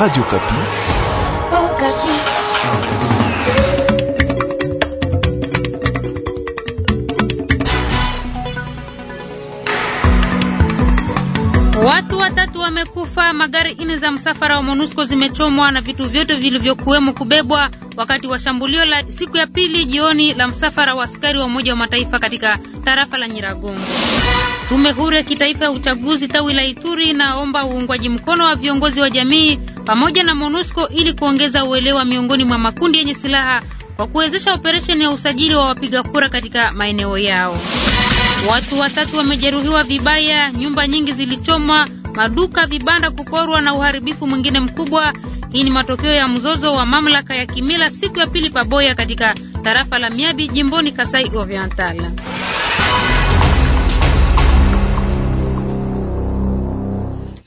Radio Kapi. Oh, Kapi. Watu watatu wamekufa, magari ine za msafara wa MONUSCO zimechomwa na vitu vyote vilivyokuwemo kubebwa wakati wa shambulio la siku ya pili jioni la msafara wa askari wa Umoja wa Mataifa katika tarafa la Nyiragongo. Tume huru ya kitaifa ya uchaguzi tawi la Ituri naomba uungwaji mkono wa viongozi wa jamii pamoja na MONUSCO ili kuongeza uelewa miongoni mwa makundi yenye silaha kwa kuwezesha operesheni ya usajili wa wapiga kura katika maeneo yao. Watu watatu wamejeruhiwa vibaya, nyumba nyingi zilichomwa, maduka, vibanda kuporwa na uharibifu mwingine mkubwa. Hii ni matokeo ya mzozo wa mamlaka ya kimila siku ya pili paboya katika tarafa la Miabi jimboni Kasai Oriental.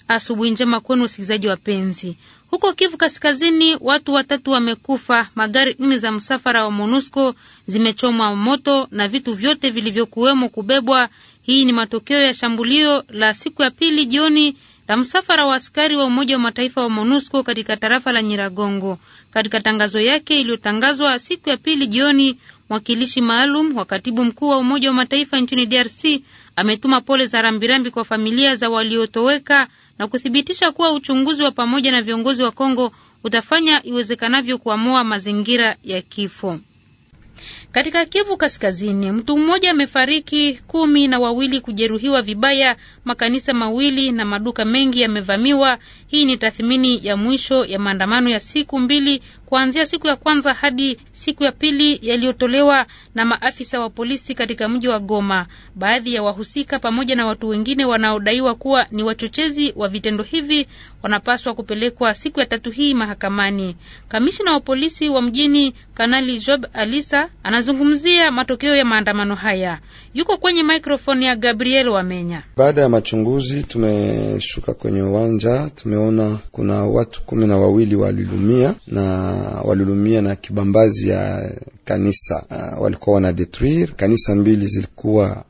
Asubuhi njema kwenu wasikilizaji wapenzi. Huko Kivu Kaskazini, watu watatu wamekufa, magari nne za msafara wa MONUSCO zimechomwa moto na vitu vyote vilivyokuwemo kubebwa. Hii ni matokeo ya shambulio la siku ya pili jioni la msafara wa askari wa Umoja wa Mataifa wa MONUSCO katika tarafa la Nyiragongo. Katika tangazo yake iliyotangazwa siku ya pili jioni, mwakilishi maalum wa katibu mkuu wa Umoja wa Mataifa nchini DRC ametuma pole za rambirambi kwa familia za waliotoweka na kuthibitisha kuwa uchunguzi wa pamoja na viongozi wa Kongo utafanya iwezekanavyo kuamua mazingira ya kifo. Katika Kivu Kaskazini, mtu mmoja amefariki, kumi na wawili kujeruhiwa vibaya, makanisa mawili na maduka mengi yamevamiwa. Hii ni tathmini ya mwisho ya maandamano ya siku mbili kuanzia siku ya kwanza hadi siku ya pili yaliyotolewa na maafisa wa polisi katika mji wa Goma. Baadhi ya wahusika pamoja na watu wengine wanaodaiwa kuwa ni wachochezi wa vitendo hivi wanapaswa kupelekwa siku ya tatu hii mahakamani. Kamishina wa polisi wa mjini Kanali Job Alisa anazungumzia matokeo ya maandamano haya. Yuko kwenye mikrofoni ya Gabriel Wamenya. Baada ya machunguzi, tumeshuka kwenye uwanja, tumeona kuna watu kumi na wawili walilumia na walilumia na kibambazi ya kanisa. Uh, walikuwa wanadetruire kanisa mbili zilikuwa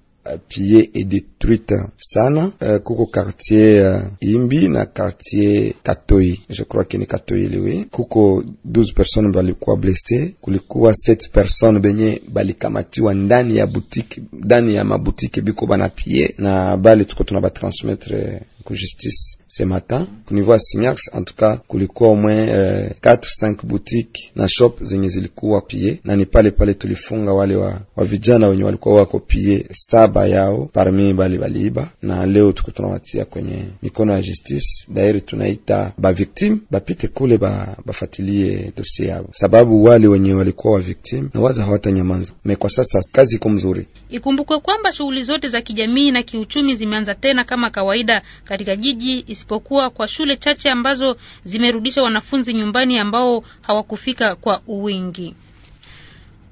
pillée et détruite sana euh, kuko quartier uh, Imbi na quartier Katoi, je crois que ni Katoi liwi kuko 12 personnes balikuwa blesse, kulikuwa 7 personnes benye balikamatiwa ndani ya boutique, ndani ya maboutique biko banapie na bali tuko tuna batransmettre euh, ku justice ce matin ku niveau ya Sinax. En tout cas kulikuwa umwe eh, 4 5 boutique na shop zenye zilikuwa pie, na ni pale pale tulifunga wale wa, wa vijana wenye walikuwa wako pie saba yao parmi bali baliiba, na leo tuko tunawatia kwenye mikono ya justice. Daire tunaita ba victime bapite kule ba bafatilie dosie yao, sababu wale wenye walikuwa wa victim na waza hawatanyamaza me. Kwa sasa kazi iko mzuri. Ikumbukwe kwamba shughuli zote za kijamii na kiuchumi zimeanza tena kama kawaida katika katika jiji isipokuwa kwa shule chache ambazo zimerudisha wanafunzi nyumbani ambao hawakufika kwa uwingi.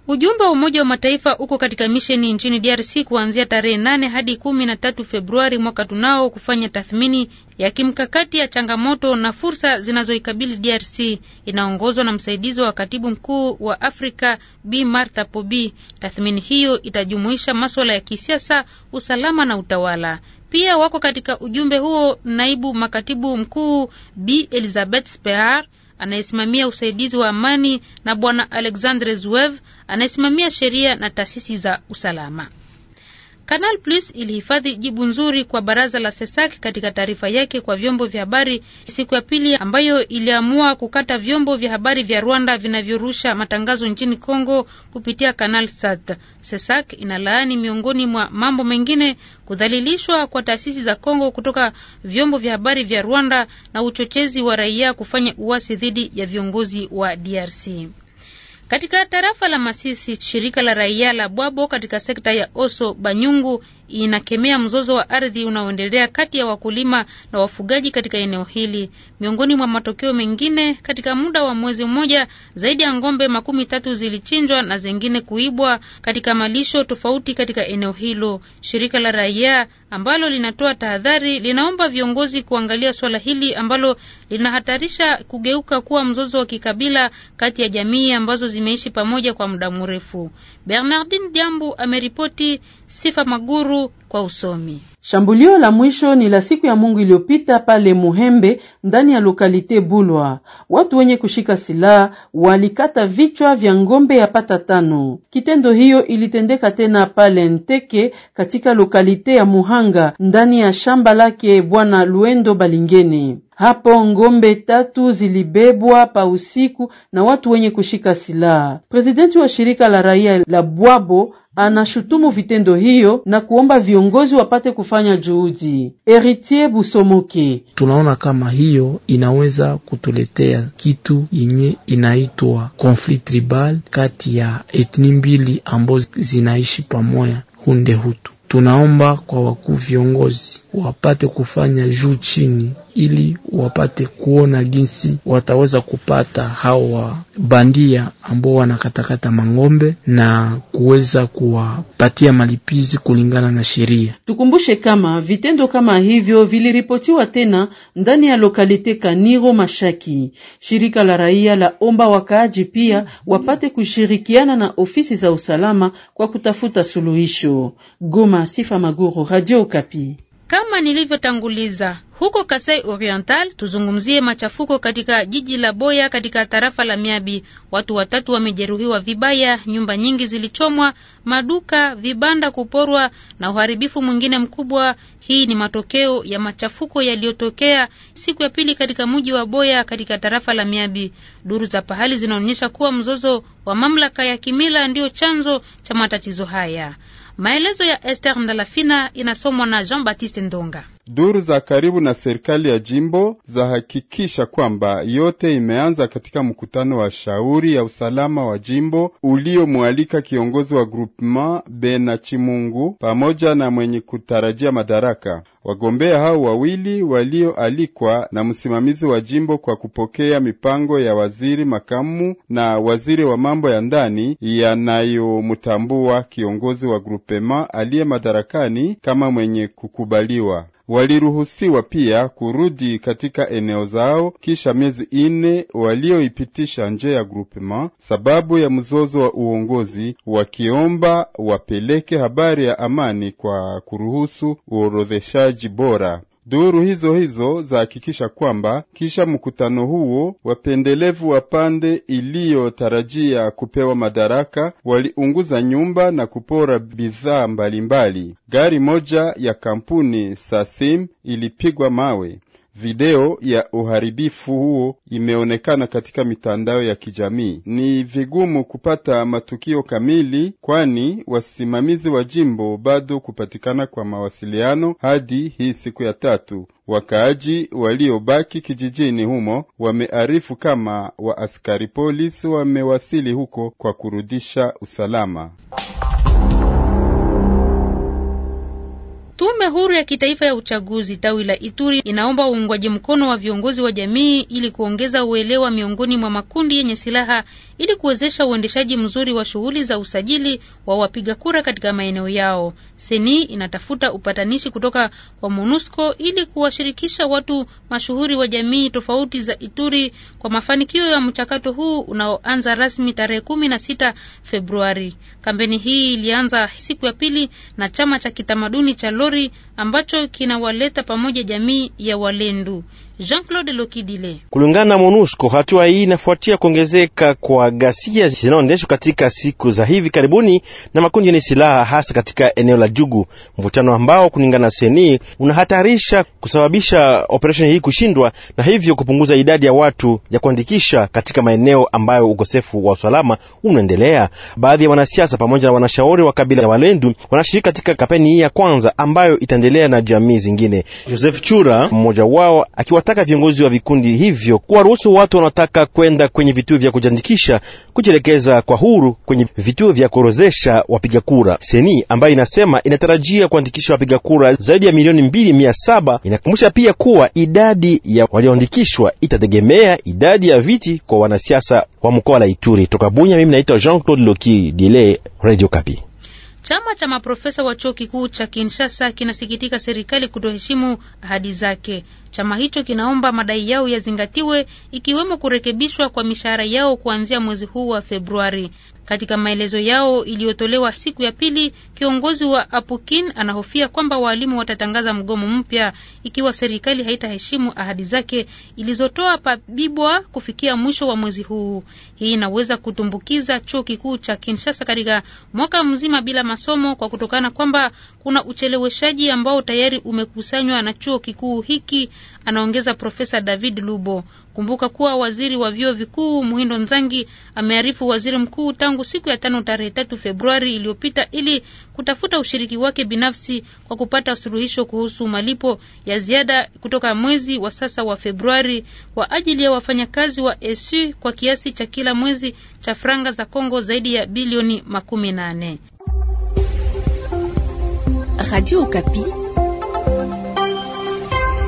Ujumbe wa Umoja wa Mataifa uko katika misheni nchini DRC kuanzia tarehe nane hadi kumi na tatu Februari mwaka tunao kufanya tathmini ya kimkakati ya changamoto na fursa zinazoikabili DRC. Inaongozwa na msaidizi wa katibu mkuu wa Afrika B Martha Pobi. Tathmini hiyo itajumuisha masuala ya kisiasa, usalama na utawala. Pia wako katika ujumbe huo naibu makatibu mkuu B Elizabeth Spear anayesimamia usaidizi wa amani na bwana Alexandre Zuev anayesimamia sheria na taasisi za usalama. Canal Plus ilihifadhi jibu nzuri kwa baraza la SESAC katika taarifa yake kwa vyombo vya habari siku ya pili, ambayo iliamua kukata vyombo vya habari vya Rwanda vinavyorusha matangazo nchini Kongo kupitia Canal Sat. SESAC inalaani miongoni mwa mambo mengine kudhalilishwa kwa taasisi za Kongo kutoka vyombo vya habari vya Rwanda na uchochezi wa raia kufanya uasi dhidi ya viongozi wa DRC. Katika tarafa la Masisi, shirika la raia la Bwabo katika sekta ya Oso Banyungu inakemea mzozo wa ardhi unaoendelea kati ya wakulima na wafugaji katika eneo hili. Miongoni mwa matokeo mengine, katika muda wa mwezi mmoja, zaidi ya ng'ombe makumi tatu zilichinjwa na zingine kuibwa katika malisho tofauti katika eneo hilo. Shirika la raia ambalo linatoa tahadhari linaomba viongozi kuangalia swala hili ambalo linahatarisha kugeuka kuwa mzozo wa kikabila kati ya jamii ambazo zimeishi pamoja kwa muda mrefu. Bernardin Jambu ameripoti Sifa Maguru. Ruchuru kwa usomi. Shambulio la mwisho ni la siku ya Mungu iliyopita pale Muhembe ndani ya lokalite Bulwa. Watu wenye kushika silaha walikata vichwa vya ngombe pata tano. Kitendo hiyo ilitendeka tena pale Nteke katika lokalite ya Muhanga ndani ya shamba lake Bwana Luendo Balingene. Hapo ngombe tatu zilibebwa pa usiku na watu wenye kushika silaha. Presidenti wa shirika la raia la Bwabo anashutumu vitendo hiyo na kuomba viongozi wapate kufanya juhudi. eritier Busomoke: tunaona kama hiyo inaweza kutuletea kitu yenye inaitwa conflict tribal kati ya etni mbili ambazo zinaishi pamoja, Hunde Hutu. Tunaomba kwa wakuu viongozi wapate kufanya juu chini, ili wapate kuona jinsi wataweza kupata hawa bandia ambao wanakatakata mang'ombe na kuweza kuwapatia malipizi kulingana na sheria. Tukumbushe kama vitendo kama hivyo viliripotiwa tena ndani ya lokalite Kaniro Mashaki. Shirika la raia la omba wakaaji pia wapate kushirikiana na ofisi za usalama kwa kutafuta suluhisho. Goma, Sifa Maguru, Radio Kapi. Kama nilivyotanguliza huko Kasai Oriental, tuzungumzie machafuko katika jiji la Boya katika tarafa la Miabi. Watu watatu wamejeruhiwa vibaya, nyumba nyingi zilichomwa, maduka, vibanda kuporwa na uharibifu mwingine mkubwa. Hii ni matokeo ya machafuko yaliyotokea siku ya pili katika mji wa Boya katika tarafa la Miabi. Duru za pahali zinaonyesha kuwa mzozo wa mamlaka ya kimila ndiyo chanzo cha matatizo haya. Maelezo ya Esther Ndalafina inasomwa na Jean Baptiste Ndonga. Duru za karibu na serikali ya jimbo zahakikisha kwamba yote imeanza katika mkutano wa shauri ya usalama wa jimbo uliomwalika kiongozi wa groupement Bena Chimungu pamoja na mwenye kutarajia madaraka. Wagombea hao wawili walioalikwa na msimamizi wa jimbo kwa kupokea mipango ya waziri makamu na waziri wa mambo ya ndani yanayomtambua kiongozi wa groupement aliye madarakani kama mwenye kukubaliwa waliruhusiwa pia kurudi katika eneo zao kisha miezi ine walioipitisha nje ya grupema sababu ya mzozo wa uongozi, wakiomba wapeleke habari ya amani kwa kuruhusu uorodheshaji bora. Duru hizo hizo zahakikisha kwamba kisha mkutano huo wapendelevu wa pande iliyotarajia kupewa madaraka waliunguza nyumba na kupora bidhaa mbalimbali. Gari moja ya kampuni Sasim ilipigwa mawe. Video ya uharibifu huo imeonekana katika mitandao ya kijamii. Ni vigumu kupata matukio kamili, kwani wasimamizi wa jimbo bado kupatikana kwa mawasiliano hadi hii siku ya tatu. Wakaaji waliobaki kijijini humo wamearifu kama waaskari polisi wamewasili huko kwa kurudisha usalama. Tume huru ya kitaifa ya uchaguzi tawi la Ituri inaomba uungwaji mkono wa viongozi wa jamii ili kuongeza uelewa miongoni mwa makundi yenye silaha ili kuwezesha uendeshaji mzuri wa shughuli za usajili wa wapiga kura katika maeneo yao. Seni inatafuta upatanishi kutoka kwa MONUSCO ili kuwashirikisha watu mashuhuri wa jamii tofauti za Ituri kwa mafanikio ya mchakato huu unaoanza rasmi tarehe kumi na sita Februari. Kampeni hii ilianza siku ya pili na chama cha kitamaduni cha Rori ambacho kinawaleta pamoja jamii ya Walendu. Jean-Claude Lokidile. Kulingana na MONUSCO, hatua hii inafuatia kuongezeka kwa ghasia zinazoendeshwa katika siku za hivi karibuni na makundi yenye silaha hasa katika eneo la Jugu, mvutano ambao kulingana na seni unahatarisha kusababisha operesheni hii kushindwa na hivyo kupunguza idadi ya watu ya kuandikisha katika maeneo ambayo ukosefu wa usalama unaendelea. Baadhi ya wanasiasa pamoja na wanashauri wa kabila ya Walendu wanashiriki katika kampeni hii ya kwanza ambayo itaendelea na jamii zingine. Joseph Chura mmoja wao akiwataka viongozi wa vikundi hivyo kuwaruhusu watu wanaotaka kwenda kwenye vituo vya kujiandikisha kujielekeza kwa huru kwenye vituo vya kuorozesha wapiga kura. Seni ambayo inasema inatarajia kuandikisha wapiga kura zaidi ya milioni mbili mia saba inakumbusha pia kuwa idadi ya walioandikishwa itategemea idadi ya viti kwa wanasiasa wa mkoa la Ituri. Toka Bunya, mimi naitwa Jean Claude Loki Dile, Radio Kapi. Chama cha maprofesa wa chuo kikuu cha Kinshasa kinasikitika serikali kutoheshimu ahadi zake. Chama hicho kinaomba madai yao yazingatiwe, ikiwemo kurekebishwa kwa mishahara yao kuanzia mwezi huu wa Februari. Katika maelezo yao iliyotolewa siku ya pili, kiongozi wa Apukin anahofia kwamba waalimu watatangaza mgomo mpya ikiwa serikali haitaheshimu ahadi zake ilizotoa Pabibwa kufikia mwisho wa mwezi huu. Hii inaweza kutumbukiza chuo kikuu cha Kinshasa katika mwaka mzima bila masomo kwa kutokana kwamba kuna ucheleweshaji ambao tayari umekusanywa na chuo kikuu hiki, anaongeza Profesa David Lubo. Kumbuka kuwa waziri wa vyuo vikuu Muhindo Nzangi amearifu waziri mkuu tangu tangu siku ya tano tarehe tatu Februari iliyopita ili kutafuta ushiriki wake binafsi kwa kupata suluhisho kuhusu malipo ya ziada kutoka mwezi wa sasa wa Februari kwa ajili ya wafanyakazi wa ESU kwa kiasi cha kila mwezi cha franga za Kongo zaidi ya bilioni makumi nane. Radio Okapi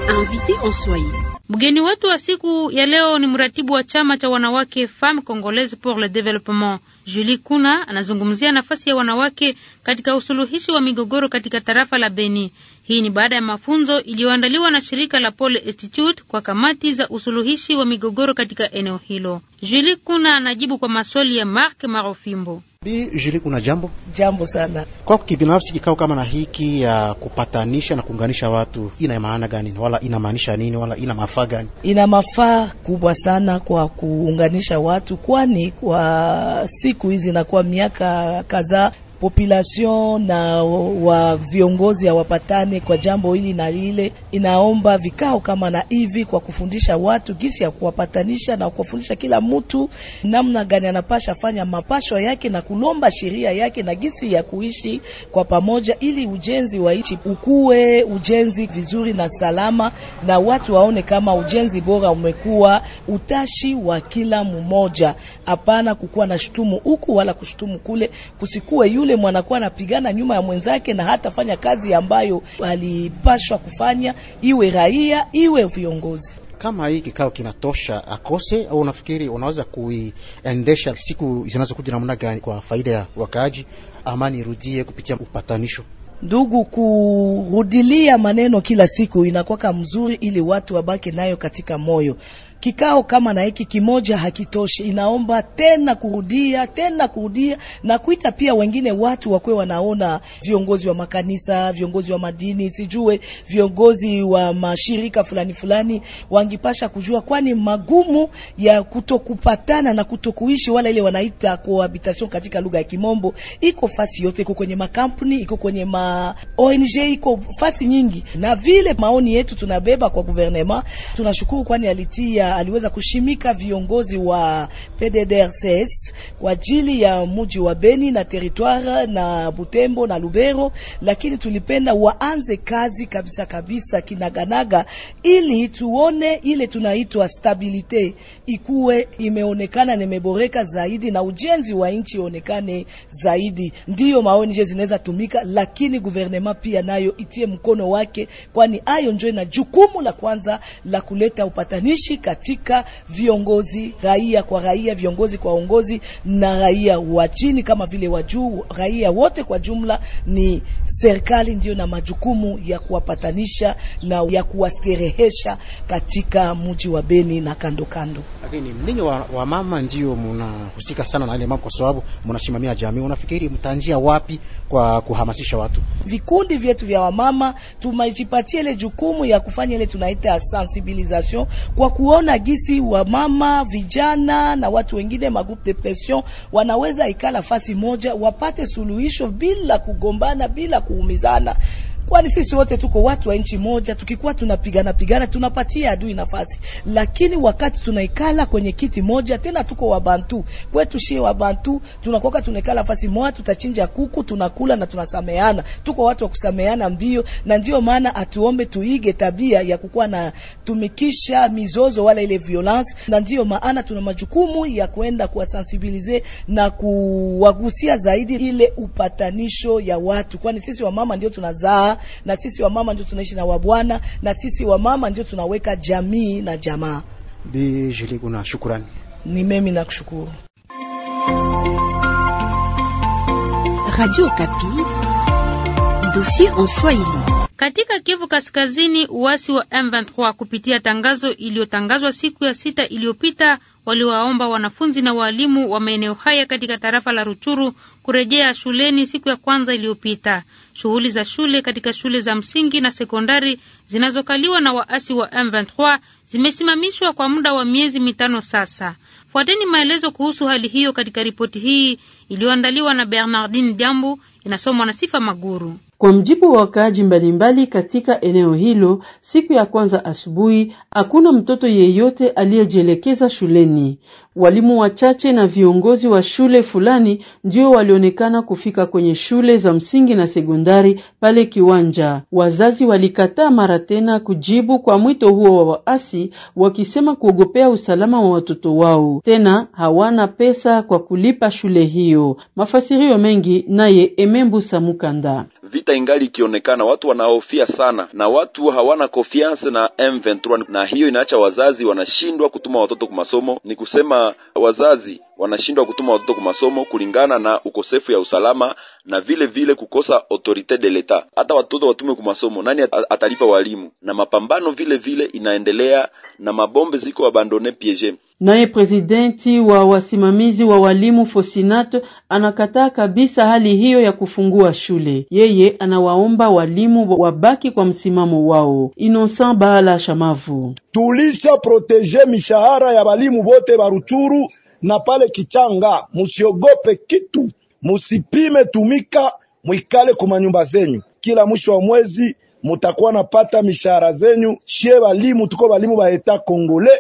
invité en Swahili Mgeni wetu wa siku ya leo ni mratibu wa chama cha wanawake Femme Congolaise pour le Developpement, Julie Kuna anazungumzia nafasi ya wanawake katika usuluhishi wa migogoro katika tarafa la Beni. Hii ni baada ya mafunzo iliyoandaliwa na shirika la Pole Institute kwa kamati za usuluhishi wa migogoro katika eneo hilo. Julie Kuna anajibu kwa maswali ya Mark Marofimbo. Bi Julie, kuna jambo jambo sana kwako kibinafsi. Kikao kama na hiki ya kupatanisha na kuunganisha watu ina maana gani, wala inamaanisha nini, wala ina mafaa gani? Ina mafaa kubwa sana kwa kuunganisha watu, kwani kwa siku hizi na kwa miaka kadhaa population na wa viongozi hawapatane kwa jambo hili na lile. Inaomba vikao kama na hivi kwa kufundisha watu gisi ya kuwapatanisha na kuwafundisha kila mtu namna gani anapasha fanya mapashwa yake na kulomba sheria yake na gisi ya kuishi kwa pamoja, ili ujenzi wa nchi ukuwe ujenzi vizuri na salama, na watu waone kama ujenzi bora umekuwa utashi wa kila mmoja, hapana kukuwa na shutumu huku wala kushutumu kule, kusikuwe yule yule mwanakuwa anapigana nyuma ya mwenzake na hatafanya kazi ambayo alipashwa kufanya, iwe raia iwe viongozi. Kama hii kikao kinatosha akose au unafikiri unaweza kuiendesha siku zinazokuja namna gani kwa faida ya wakaaji, amani irudie kupitia upatanisho? Ndugu, kurudilia maneno kila siku inakwaka mzuri, ili watu wabaki nayo katika moyo. Kikao kama na hiki kimoja hakitoshi, inaomba tena kurudia tena kurudia na kuita pia wengine watu wakwe, wanaona viongozi wa makanisa, viongozi wa madini, sijue viongozi wa mashirika fulani fulani, wangipasha kujua, kwani magumu ya kutokupatana na kutokuishi wala ile wanaita cohabitation katika lugha ya Kimombo iko fasi yote, iko kwenye makampuni, iko kwenye ma ONG, iko fasi nyingi, na vile maoni yetu tunabeba kwa gouvernement, tunashukuru kwani alitia Eh, aliweza kushimika viongozi wa PDDRCS kwa ajili ya muji wa Beni na territoire na Butembo na Lubero, lakini tulipenda waanze kazi kabisa kabisa kinaganaga, ili tuone ile tunaitwa stabilite ikuwe imeonekana nimeboreka zaidi, na ujenzi wa nchi ionekane zaidi. Ndiyo je zinaweza tumika, lakini guvernema pia nayo itie mkono wake, kwani ayo njo na jukumu la kwanza la kuleta upatanishi kati katika viongozi, raia kwa raia, viongozi kwa uongozi na raia wa chini kama vile wa juu, raia wote kwa jumla. Ni serikali ndiyo na majukumu ya kuwapatanisha na ya kuwasterehesha katika mji wa Beni na kando kando. Lakini ninyi wa, wa mama ndio mnahusika sana na ile mambo, kwa sababu mnasimamia jamii. Unafikiri mtanjia wapi kwa kuhamasisha watu? Vikundi vyetu vya wamama tumejipatia ile jukumu ya kufanya ile tunaita sensibilisation kwa kuona Hakuna gisi wa mama vijana na watu wengine magroup depression wanaweza ikala fasi moja wapate suluhisho bila kugombana, bila kuumizana kwani sisi wote tuko watu wa nchi moja. Tukikuwa tunapigana pigana, tunapatia adui nafasi, lakini wakati tunaikala kwenye kiti moja, tena tuko wa bantu kwetu, wa bantu, tunakuwa tunaikala nafasi moja, tutachinja kuku tunakula na tunasameana. Tuko watu wa kusameana mbio, na ndio maana atuombe tuige tabia ya kukuwa na tumikisha mizozo wala ile violence, na ndio maana tuna majukumu ya kwenda kuwasensibilize na kuwagusia zaidi ile upatanisho ya watu, kwani sisi wamama ndio tunazaa na sisi wa mama ndio tunaishi na wabwana, na sisi wa mama ndio tunaweka jamii na jamaa. Bi Jili, kuna shukrani. Ni mimi nakushukuru. Radio Okapi, dossier en Swahili. Katika Kivu Kaskazini, uasi wa M23 kupitia tangazo iliyotangazwa siku ya sita iliyopita waliwaomba wanafunzi na waalimu wa maeneo haya katika tarafa la Ruchuru kurejea shuleni siku ya kwanza iliyopita. Shughuli za shule katika shule za msingi na sekondari zinazokaliwa na waasi wa M23 zimesimamishwa kwa muda wa miezi mitano sasa. Fuateni maelezo kuhusu hali hiyo katika ripoti hii iliyoandaliwa na Bernardine Jambu, inasomwa na Sifa Maguru. Kwa mjibu wa wakaaji mbalimbali katika eneo hilo, siku ya kwanza asubuhi hakuna mtoto yeyote aliyejielekeza shuleni. Walimu wachache na viongozi wa shule fulani ndio walionekana kufika kwenye shule za msingi na sekondari pale Kiwanja. Wazazi walikataa mara tena kujibu kwa mwito huo wa waasi, wakisema kuogopea usalama wa watoto wao, tena hawana pesa kwa kulipa shule hiyo. Mafasirio mengi naye Emembu Samukanda vita ingali ikionekana, watu wanahofia sana na watu hawana confiance na M23, na hiyo inaacha wazazi wanashindwa kutuma watoto kwa masomo. Ni kusema wazazi wanashindwa kutuma watoto kwa masomo kulingana na ukosefu ya usalama na vile vile kukosa autorite de l'etat. Hata watoto watume kwa masomo, nani atalipa walimu? Na mapambano vile vile inaendelea na mabombe ziko abandone piege Naye presidenti wa wasimamizi wa walimu Fosinato anakataa kabisa hali hiyo ya kufungua shule. Yeye anawaomba walimu wabaki kwa msimamo wao. Innocent Bahala Shamavu: tulisha proteje mishahara ya walimu wote wa Ruchuru na pale Kichanga, musiogope kitu, musipime tumika, mwikale kumanyumba zenyu. Kila mwisho wa mwezi mutakuwa napata mishahara zenyu. Shie walimu tuko walimu wa eta Kongole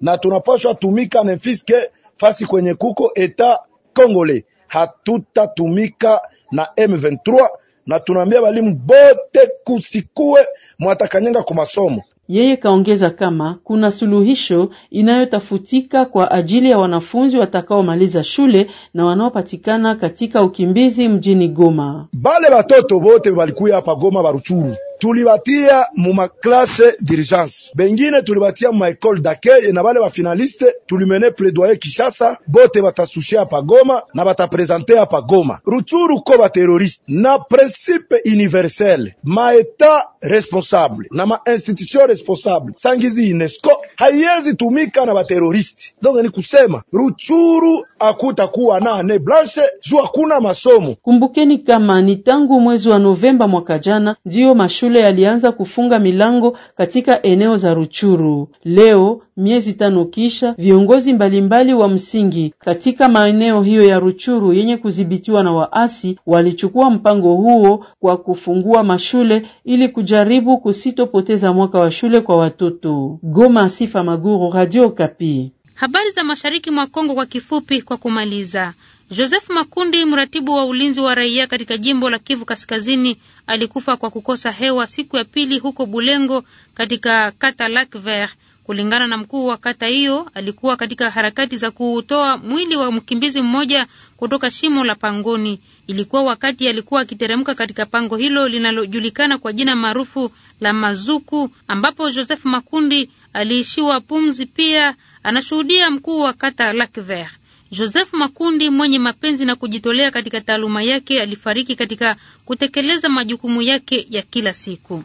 na tunapashwa tumika nefiske fasi kwenye kuko eta Kongole, hatutatumika na M23 na tunaambia walimu bote kusikue mwatakanyenga ku masomo. Yeye kaongeza kama kuna suluhisho inayotafutika kwa ajili ya wanafunzi watakaomaliza shule na wanaopatikana katika ukimbizi mjini Goma. Bale batoto bote balikuya hapa Goma, Baruchuru tulibatia mu classe dirigence, bengine tulibatia mu école d'accueil, na bale bafinaliste tulimene plaidoyer Kishasa, bote batasushia hapa Goma na bataprezente hapa Goma. Ruchuru ko bateroriste na principe universel maeta responsable na ma institution responsable sangizi UNESCO haiwezi tumika na bateroriste. Donc ni kusema Ruchuru akutakuwa na ane blanche juu hakuna masomo. Kumbukeni kama ni tangu mwezi wa Novemba mwaka jana ndio mashu shule yalianza kufunga milango katika eneo za Ruchuru. Leo miezi tano kisha, viongozi mbalimbali wa msingi katika maeneo hiyo ya Ruchuru yenye kudhibitiwa na waasi walichukua mpango huo kwa kufungua mashule ili kujaribu kusitopoteza mwaka wa shule kwa watoto. Goma, Sifa Maguru, Radio Kapi. Habari za Mashariki mwa Kongo kwa kifupi kwa kumaliza. Joseph Makundi, mratibu wa ulinzi wa raia katika jimbo la Kivu Kaskazini, alikufa kwa kukosa hewa siku ya pili huko Bulengo katika kata Lac Vert. Kulingana na mkuu wa kata hiyo, alikuwa katika harakati za kuutoa mwili wa mkimbizi mmoja kutoka shimo la pangoni. Ilikuwa wakati alikuwa akiteremka katika pango hilo linalojulikana kwa jina maarufu la Mazuku, ambapo Joseph Makundi aliishiwa pumzi. Pia anashuhudia mkuu wa kata Lac Vert. Joseph Makundi mwenye mapenzi na kujitolea katika taaluma yake alifariki katika kutekeleza majukumu yake ya kila siku.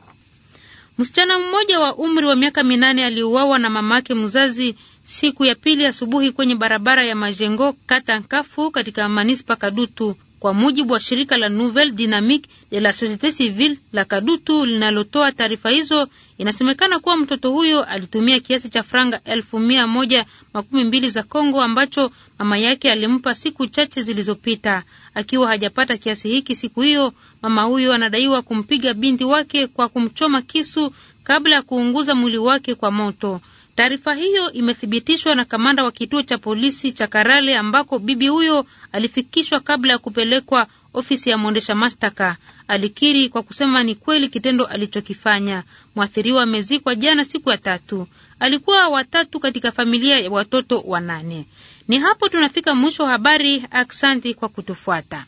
Msichana mmoja wa umri wa miaka minane aliuawa na mamake mzazi siku ya pili asubuhi kwenye barabara ya Majengo kata Nkafu katika manispa Kadutu kwa mujibu wa shirika la Nouvelle Dynamique de la Société Civile la Kadutu linalotoa taarifa hizo, inasemekana kuwa mtoto huyo alitumia kiasi cha franga elfu mia moja makumi mbili za Kongo ambacho mama yake alimpa siku chache zilizopita. Akiwa hajapata kiasi hiki siku hiyo, mama huyo anadaiwa kumpiga binti wake kwa kumchoma kisu kabla ya kuunguza mwili wake kwa moto. Taarifa hiyo imethibitishwa na kamanda wa kituo cha polisi cha Karale ambako bibi huyo alifikishwa kabla ya kupelekwa ofisi ya mwendesha mashtaka. Alikiri kwa kusema ni kweli kitendo alichokifanya. Mwathiriwa amezikwa jana siku ya tatu. Alikuwa watatu katika familia ya watoto wanane. Ni hapo tunafika mwisho wa habari. Aksanti kwa kutufuata.